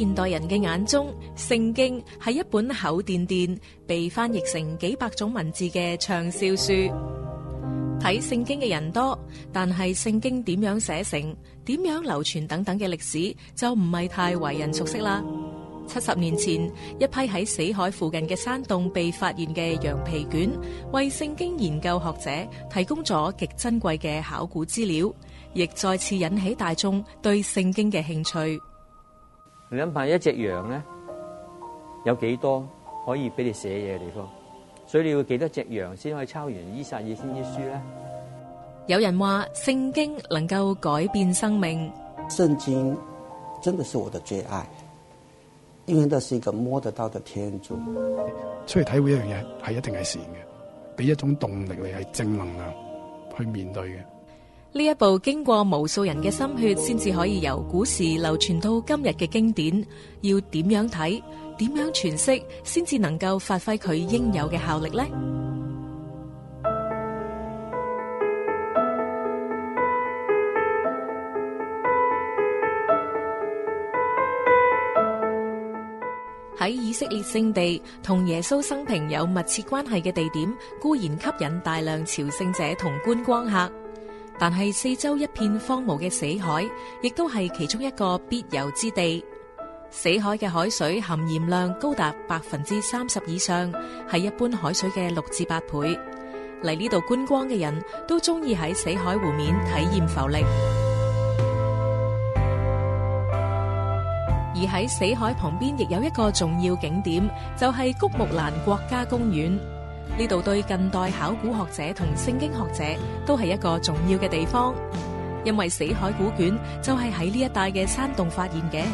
現代人嘅眼中，聖經係一本厚甸甸、被翻譯成幾百種文字嘅暢銷書。睇聖經嘅人多，但係聖經點樣寫成、點樣流傳等等嘅歷史，就唔係太為人熟悉啦。七十年前，一批喺死海附近嘅山洞被發現嘅羊皮卷，為聖經研究學者提供咗極珍貴嘅考古資料，亦再次引起大眾對聖經嘅興趣。你諗下，一隻羊咧有幾多可以俾你寫嘢嘅地方？所以你要幾多隻羊先可以抄完《依撒意亞先知書》咧？有人話聖經能夠改變生命，聖經真的是我的最愛，因為都是一個摸得到的天主，出去體會一樣嘢係一定係善嘅，俾一種動力嚟係正能量去面對嘅。呢一部經過無數人嘅心血，先至可以由古時流傳到今日嘅經典，要點樣睇，點樣詮釋，先至能夠發揮佢應有嘅效力呢？喺以色列聖地同耶穌生平有密切關係嘅地點，固然吸引大量朝聖者同觀光客。但係四周一片荒蕪嘅死海，亦都係其中一個必遊之地。死海嘅海水含鹽量高達百分之三十以上，係一般海水嘅六至八倍。嚟呢度觀光嘅人都中意喺死海湖面體驗浮力。而喺死海旁邊，亦有一個重要景點，就係庫姆蘭國家公園。呢度對近代考古學者同聖經學者都係一個重要嘅地方，因為死海古卷就係喺呢一帶嘅山洞發現嘅。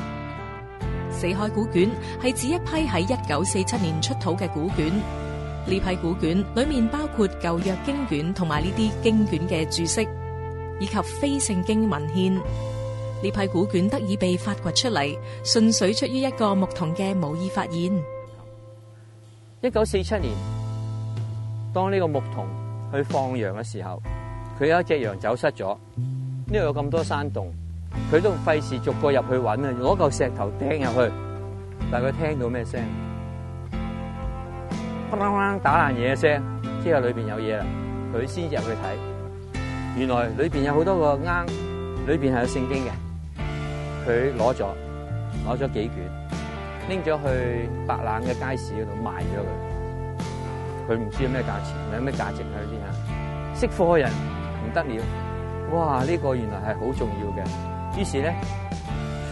死海古卷係指一批喺一九四七年出土嘅古卷，呢批古卷裏面包括舊約經卷同埋呢啲經卷嘅注釋，以及非聖經文獻。呢批古卷得以被發掘出嚟，純粹出於一個牧童嘅無意發現。一九四七年。當呢個牧童去放羊嘅時候，佢有一隻羊走失咗。呢度有咁多山洞，佢都費事逐個入去揾啊！攞嚿石頭掟入去，但係佢聽到咩聲？哐啷啷打爛嘢嘅聲，之後裏邊有嘢啦，佢先至入去睇。原來裏邊有好多個罌，裏邊係有聖經嘅，佢攞咗，攞咗幾卷，拎咗去白冷嘅街市嗰度賣咗佢。佢唔知有咩價錢，有咩價值啊！先人識貨嘅人唔得了，哇！呢個原來係好重要嘅。於是咧，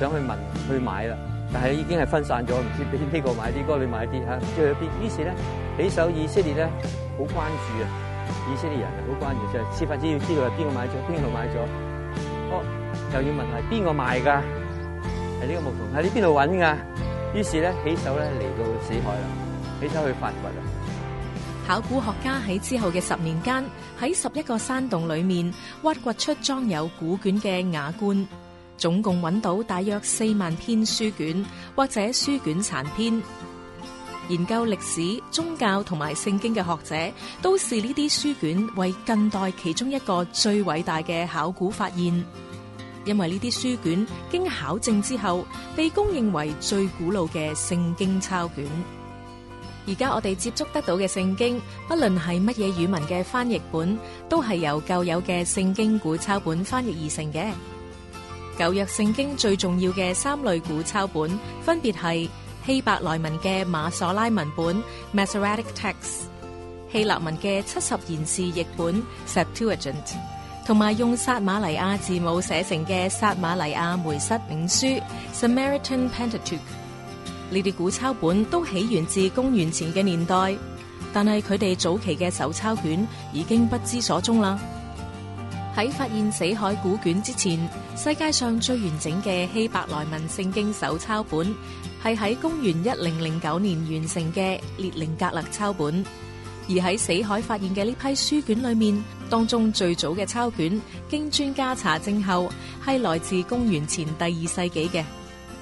想去問去買啦，但係已經係分散咗，唔知邊呢個買啲，嗰個你買啲嚇、啊。最尾，於是咧，起手以色列咧好關注啊，以色列人好關注，就係設法子要知道係邊個買咗，邊度買咗。哦，又要問係邊個賣㗎？係呢個牧童喺呢邊度揾㗎。於是咧，起手咧嚟到死海啦，起手去發掘啊！考古學家喺之後嘅十年間，喺十一個山洞裏面挖掘，出裝有古卷嘅瓦罐，總共揾到大約四萬篇書卷或者書卷殘篇。研究歷史、宗教同埋聖經嘅學者，都視呢啲書卷為近代其中一個最偉大嘅考古發現，因為呢啲書卷經考證之後，被公認為最古老嘅聖經抄卷。而家我哋接觸得到嘅聖經，不論係乜嘢語文嘅翻譯本，都係由舊有嘅聖經古抄本翻譯而成嘅。舊約聖經最重要嘅三類古抄本，分別係希伯來文嘅馬索拉文本 （Masoretic Text）、希臘文嘅七十賢士譯本 （Septuagint） 同埋用撒瑪黎亞字母寫成嘅撒瑪黎亞梅瑟五書 （Samaritan Pentateuch）。呢啲古抄本都起源自公元前嘅年代，但係佢哋早期嘅手抄卷已經不知所蹤啦。喺發現死海古卷之前，世界上最完整嘅希伯來文聖經手抄本係喺公元一零零九年完成嘅列寧格勒抄本，而喺死海發現嘅呢批書卷裏面，當中最早嘅抄卷經專家查證後，係來自公元前第二世紀嘅。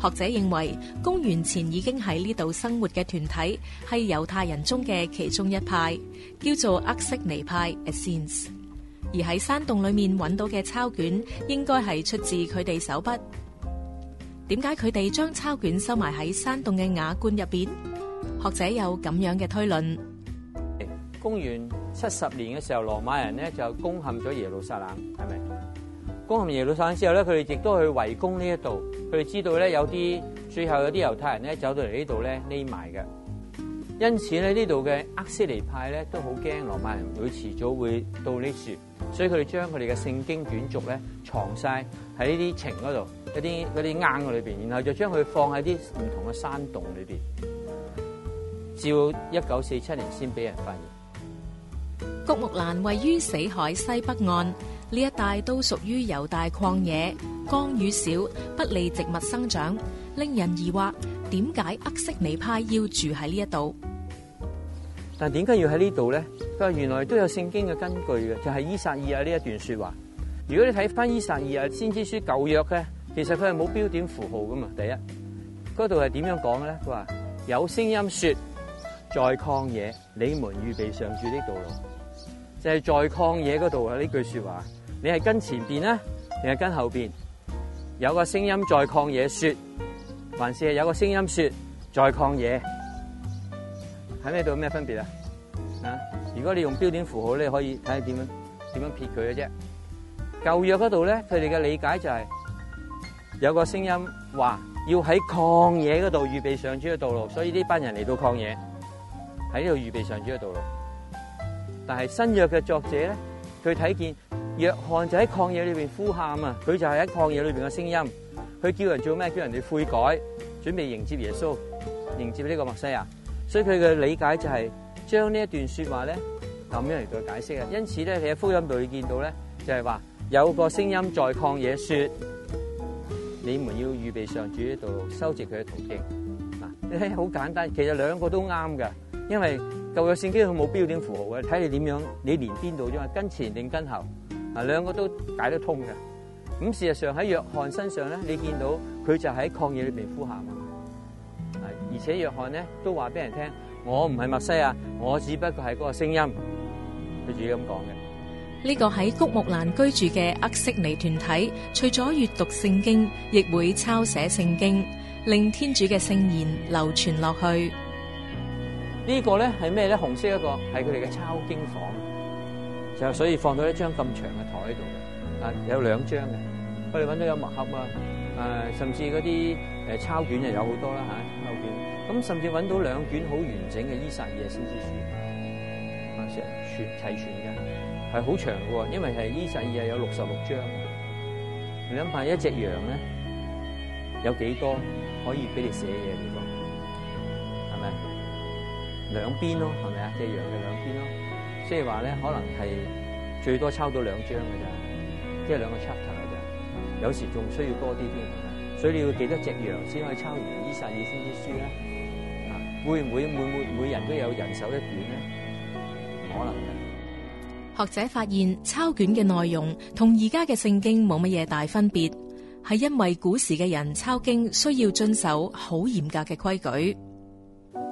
學者認為，公元前已經喺呢度生活嘅團體係猶太人中嘅其中一派，叫做厄色尼派 （Essenes），而喺山洞裏面搵到嘅抄卷應該係出自佢哋手筆。點解佢哋將抄卷收埋喺山洞嘅瓦罐入邊？學者有咁樣嘅推論：公元七十年嘅時候，羅馬人呢就攻陷咗耶路撒冷，係咪？攻陷耶路撒冷之後咧，佢哋亦都去圍攻呢一度。佢哋知道咧有啲最後有啲猶太人咧走到嚟呢度咧匿埋嘅，因此咧呢度嘅阿斯尼派咧都好驚羅馬人會遲早會到呢處，所以佢哋將佢哋嘅聖經卷軸咧藏晒喺呢啲情嗰度、一啲一啲罌嗰裏邊，然後就將佢放喺啲唔同嘅山洞裏邊，至到一九四七年先俾人發現。谷木蘭位於死海西北岸。呢一帶都屬於猶大曠野，降雨少，不利植物生長，令人疑惑點解厄色尼派要住喺呢一度，但點解要喺呢度咧？佢話原來都有聖經嘅根據嘅，就係、是、伊撒意啊呢一段說話。如果你睇翻伊撒意啊先知書舊約咧，其實佢係冇標點符號噶嘛。第一，嗰度係點樣講嘅咧？佢話有聲音說，在曠野，你們預備上主呢道路，就係、是、在曠野嗰度啊呢句說話。你係跟前邊咧、啊，定係跟後邊？有個聲音在曠野說，還是有個聲音說在曠野？喺呢度有咩分別啊？啊！如果你用標點符號咧，你可以睇下點樣點樣撇佢嘅啫。舊約嗰度咧，佢哋嘅理解就係、是、有個聲音話要喺曠野嗰度預備上主嘅道路，所以呢班人嚟到曠野喺呢度預備上主嘅道路。但係新約嘅作者咧，佢睇見。約翰就喺曠野裏邊呼喊啊！佢就係喺曠野裏邊嘅聲音，佢叫人做咩？叫人哋悔改，準備迎接耶穌，迎接呢個墨西亞。所以佢嘅理解就係將呢一段說話咧咁樣嚟做解釋啊。因此咧，喺福音度你見到咧就係話有個聲音在曠野說：你們要預備上主嘅道路，修直佢嘅途徑。嗱，好簡單，其實兩個都啱㗎。因為舊約聖經佢冇標點符號嘅，睇你點樣，你連邊度啫嘛？跟前定跟後？啊，兩個都解得通嘅。咁事實上喺約翰身上咧，你見到佢就喺曠野裏邊呼喊啊！而且約翰咧都話俾人聽，我唔係墨西亞，我只不過係嗰個聲音。佢自己咁講嘅。呢、這個喺谷木蘭居住嘅厄色尼團體，除咗閱讀聖經，亦會抄寫聖經，令天主嘅聖言流傳落去。這個、呢個咧係咩咧？紅色一個係佢哋嘅抄經房。就所以放到一張咁長嘅台喺度嘅，啊有兩張嘅，我哋揾到有墨盒啊，誒甚至嗰啲誒抄卷就有好多啦吓，抄卷，咁甚至揾到兩卷好完整嘅《伊撒爾先知書》全，啊成全齊全嘅，係好長喎，因為係《伊撒爾》係有六十六章，你諗下一隻羊咧，有幾多可以俾你寫嘢地方，係咪？兩邊咯，係咪啊？隻羊嘅兩邊咯。即係話咧，可能係最多抄到兩張嘅咋，即係兩個 chapter 嘅咋。有時仲需要多啲添，所以你要幾多隻羊先可以抄完伊呢《伊撒爾先知書》咧？會唔會每每每人都有人手一卷咧？可能嘅。學者發現抄卷嘅內容同而家嘅聖經冇乜嘢大分別，係因為古時嘅人抄經需要遵守好嚴格嘅規矩。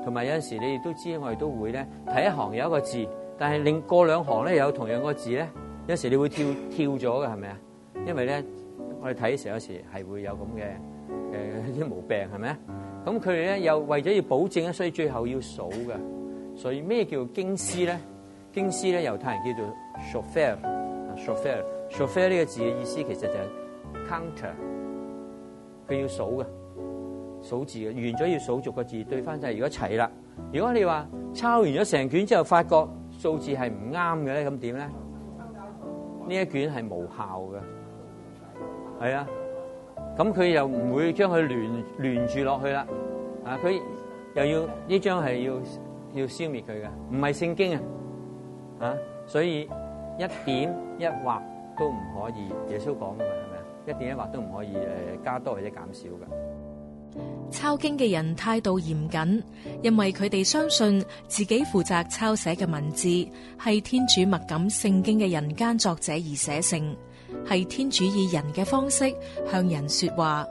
同埋有陣時你亦都知，我哋都會咧睇一行有一個字。但係令過兩行咧，有同樣個字咧，有時你會跳跳咗嘅，係咪啊？因為咧，我哋睇時有時係會有咁嘅誒啲毛病係咪啊？咁佢哋咧又為咗要保證咧，所以最後要數嘅。所以咩叫做經師咧？經師咧，猶太人叫做 Sofer，Sofer，Sofer 呢個字嘅意思其實就係 counter，佢要數嘅數字嘅，完咗要數逐個字對翻曬，如果齊啦，如果你話抄完咗成卷之後發覺。數字係唔啱嘅咧，咁點咧？呢一卷係無效嘅，係啊，咁佢又唔會將佢連，連住落去啦。啊，佢又要呢張係要要消滅佢嘅，唔係聖經啊，啊，所以一點一畫都唔可以。耶穌講嘅嘛係咪啊？一點一畫都唔可以誒加多或者減少嘅。抄經嘅人態度嚴謹，因為佢哋相信自己負責抄寫嘅文字係天主默感聖經嘅人間作者而寫成，係天主以人嘅方式向人說話。